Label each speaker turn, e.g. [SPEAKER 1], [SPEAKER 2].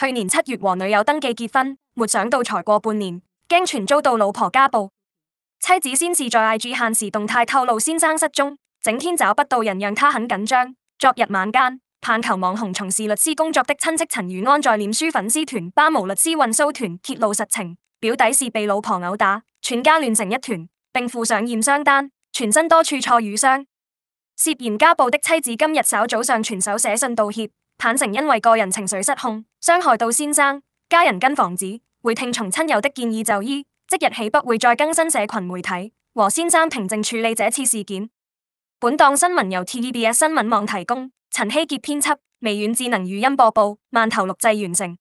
[SPEAKER 1] 去年七月和女友登記結婚，沒想到才過半年，驚傳遭到老婆家暴。妻子先是在 IG 限時動態透露先生失蹤，整天找不到人，讓他很緊張。昨日晚間，棒球網紅從事律師工作的親戚陳如安在臉書粉絲團巴毛律師運蘇團揭露實情，表弟是被老婆毆打，全家亂成一團，並附上驗傷單，全身多處挫瘀傷。涉嫌家暴的妻子今日稍早上，全手寫信道歉。坦承因為個人情緒失控，傷害到先生、家人跟房子，會聽從親友的建議就醫，即日起不會再更新社群媒體和先生平靜處理這次事件。本檔新聞由 TVBS 新聞網提供，陳希傑編輯，微軟智能語音播報，饅頭錄製完成。